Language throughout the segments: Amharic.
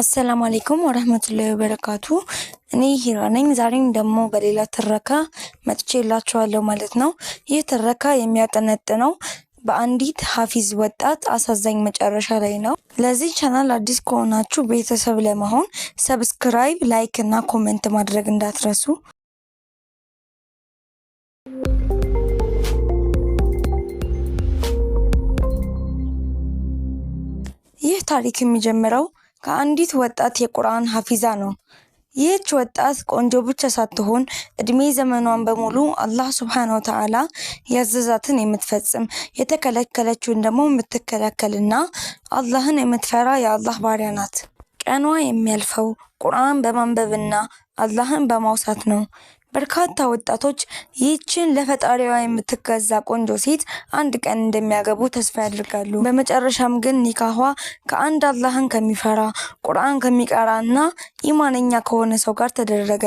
አሰላሙ አሌይኩም ወረህመቱላሂ ወበረካቱ። እኔ ሂራ ነኝ። ዛሬም ደግሞ በሌላ ትረካ መጥቼ የላችኋለሁ ማለት ነው። ይህ ትረካ የሚያጠነጥነው በአንዲት ሀፊዝ ወጣት አሳዛኝ መጨረሻ ላይ ነው። ለዚህ ቻናል አዲስ ከሆናችሁ ቤተሰብ ለመሆን ሰብስክራይብ፣ ላይክ እና ኮሜንት ማድረግ እንዳትረሱ። ይህ ታሪክ የሚጀምረው ከአንዲት ወጣት የቁርአን ሀፊዛ ነው። ይህች ወጣት ቆንጆ ብቻ ሳትሆን እድሜ ዘመኗን በሙሉ አላህ ሱብሓነሁ ወተዓላ ያዘዛትን የምትፈጽም የተከለከለችውን ደግሞ የምትከላከልና አላህን የምትፈራ የአላህ ባሪያ ናት። ቀኗ የሚያልፈው ቁርአን በማንበብና አላህን በማውሳት ነው። በርካታ ወጣቶች ይህችን ለፈጣሪዋ የምትገዛ ቆንጆ ሴት አንድ ቀን እንደሚያገቡ ተስፋ ያደርጋሉ። በመጨረሻም ግን ኒካኋ ከአንድ አላህን ከሚፈራ ቁርአን ከሚቀራ እና ኢማነኛ ከሆነ ሰው ጋር ተደረገ።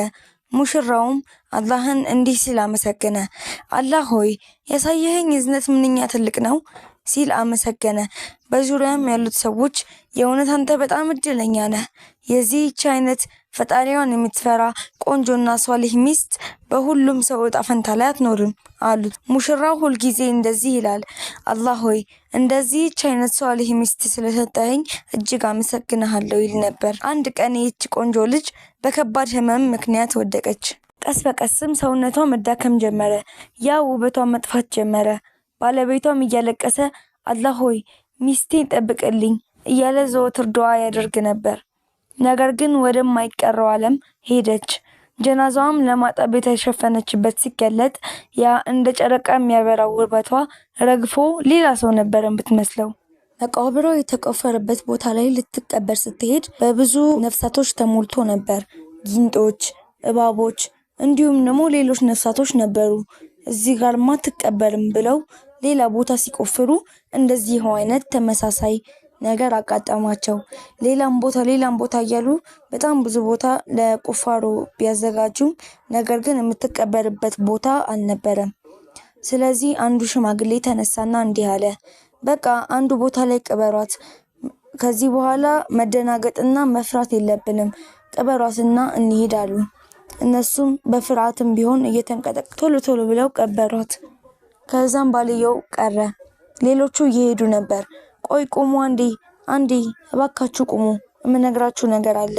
ሙሽራውም አላህን እንዲህ ሲል አመሰገነ። አላህ ሆይ ያሳየኸኝ እዝነት ምንኛ ትልቅ ነው። ሲል አመሰገነ። በዙሪያም ያሉት ሰዎች የእውነት አንተ በጣም እድለኛ ነህ፣ የዚህች አይነት ፈጣሪዋን የምትፈራ ቆንጆና ሷሊህ ሚስት በሁሉም ሰው እጣ ፈንታ ላይ አትኖርም አሉት። ሙሽራው ሁልጊዜ እንደዚህ ይላል፣ አላህ ሆይ እንደዚህች አይነት ሷሊህ ሚስት ስለሰጠኸኝ እጅግ አመሰግንሃለሁ ይል ነበር። አንድ ቀን ይህች ቆንጆ ልጅ በከባድ ህመም ምክንያት ወደቀች። ቀስ በቀስም ሰውነቷ መዳከም ጀመረ። ያ ውበቷ መጥፋት ጀመረ። ባለቤቷም እያለቀሰ አላህ ሆይ ሚስቴን ጠብቅልኝ እያለ ዘወትር ድዋ ያደርግ ነበር። ነገር ግን ወደማይቀረው ዓለም ሄደች። ጀናዛዋም ለማጠብ የተሸፈነችበት ሲገለጥ ያ እንደ ጨረቃ የሚያበራው ውበቷ ረግፎ ሌላ ሰው ነበር የምትመስለው። መቃብሯ የተቆፈረበት ቦታ ላይ ልትቀበር ስትሄድ በብዙ ነፍሳቶች ተሞልቶ ነበር። ጊንጦች፣ እባቦች እንዲሁም ደግሞ ሌሎች ነፍሳቶች ነበሩ። እዚህ ጋርማ አትቀበርም ብለው ሌላ ቦታ ሲቆፍሩ እንደዚህ አይነት ተመሳሳይ ነገር አጋጠማቸው። ሌላም ቦታ ሌላም ቦታ እያሉ በጣም ብዙ ቦታ ለቁፋሮ ቢያዘጋጁም ነገር ግን የምትቀበርበት ቦታ አልነበረም። ስለዚህ አንዱ ሽማግሌ ተነሳና እንዲህ አለ፣ በቃ አንዱ ቦታ ላይ ቅበሯት። ከዚህ በኋላ መደናገጥና መፍራት የለብንም፣ ቅበሯትና እንሄዳሉ። እነሱም በፍርሃትም ቢሆን እየተንቀጠቅ ቶሎ ቶሎ ብለው ቀበሯት። ከዛም ባልየው ቀረ። ሌሎቹ እየሄዱ ነበር። ቆይ ቁሙ፣ አንዴ አንዴ፣ እባካችሁ ቁሙ፣ የምነግራችሁ ነገር አለ።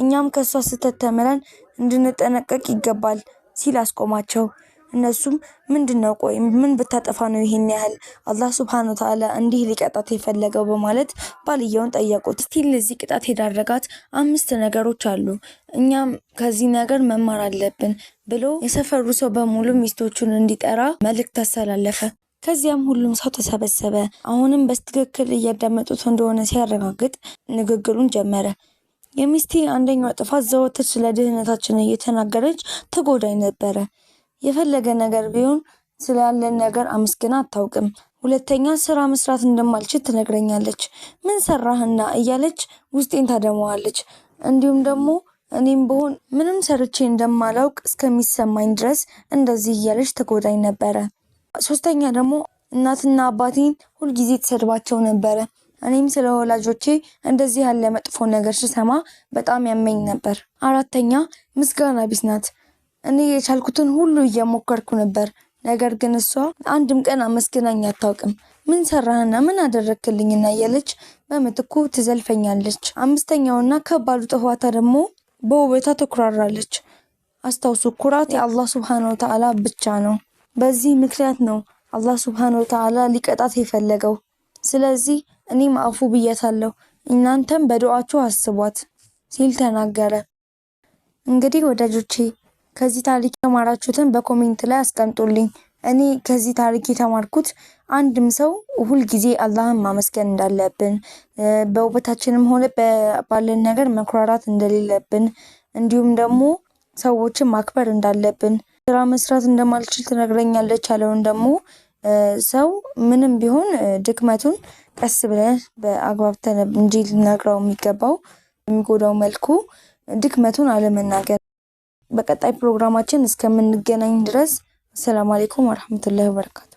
እኛም ከእሷ ስህተት ተምረን እንድንጠነቀቅ ይገባል ሲል አስቆማቸው። እነሱም ምንድን ነው ቆይ ምን ብታጠፋ ነው ይሄን ያህል አላህ ስብሐነ ወተዓላ እንዲህ ሊቀጣት የፈለገው በማለት ባልየውን ጠየቁት። ስቲል ለዚህ ቅጣት የዳረጋት አምስት ነገሮች አሉ እኛም ከዚህ ነገር መማር አለብን ብሎ የሰፈሩ ሰው በሙሉ ሚስቶቹን እንዲጠራ መልእክት አስተላለፈ። ከዚያም ሁሉም ሰው ተሰበሰበ። አሁንም በትክክል እያዳመጡት እንደሆነ ሲያረጋግጥ ንግግሩን ጀመረ። የሚስቴ አንደኛው ጥፋት ዘወትር ስለ ድህነታችን እየተናገረች ትጎዳኝ ነበረ። የፈለገ ነገር ቢሆን ስላለን ነገር አመስግና አታውቅም። ሁለተኛ ስራ መስራት እንደማልችል ትነግረኛለች። ምን ሰራህና እያለች ውስጤን ታደመዋለች። እንዲሁም ደግሞ እኔም ብሆን ምንም ሰርቼ እንደማላውቅ እስከሚሰማኝ ድረስ እንደዚህ እያለች ተጎዳኝ ነበረ። ሶስተኛ ደግሞ እናትና አባቴን ሁልጊዜ ተሰድባቸው ነበረ። እኔም ስለ ወላጆቼ እንደዚህ ያለ መጥፎ ነገር ስሰማ በጣም ያመኝ ነበር። አራተኛ ምስጋና ቢስ ናት። እኔ የቻልኩትን ሁሉ እየሞከርኩ ነበር። ነገር ግን እሷ አንድም ቀን አመስግናኝ አታውቅም። ምን ሰራህና ምን አደረክልኝና እያለች በምትኩ ትዘልፈኛለች። አምስተኛውና ከባዱ ጥፋቷ ደግሞ በውበቷ ትኩራራለች። አስታውሱ፣ ኩራት የአላህ ስብሐነሁ ወተዓላ ብቻ ነው። በዚህ ምክንያት ነው አላህ ስብሐነሁ ወተዓላ ሊቀጣት የፈለገው። ስለዚህ እኔም አፉ ብያታለሁ፣ እናንተም በዱዓችሁ አስቧት ሲል ተናገረ። እንግዲህ ወዳጆቼ ከዚህ ታሪክ የተማራችሁትን በኮሜንት ላይ አስቀምጡልኝ። እኔ ከዚህ ታሪክ የተማርኩት አንድም ሰው ሁልጊዜ አላህን ማመስገን እንዳለብን፣ በውበታችንም ሆነ ባለን ነገር መኩራራት እንደሌለብን፣ እንዲሁም ደግሞ ሰዎችን ማክበር እንዳለብን፣ ስራ መስራት እንደማልችል ትነግረኛለች ያለውን ደግሞ ሰው ምንም ቢሆን ድክመቱን ቀስ ብለን በአግባብ እንጂ ልነግረው የሚገባው የሚጎዳው መልኩ ድክመቱን አለመናገር በቀጣይ ፕሮግራማችን እስከምንገናኝ ድረስ አሰላሙ አሌይኩም ወረሐመቱላሂ ወበረካቱ።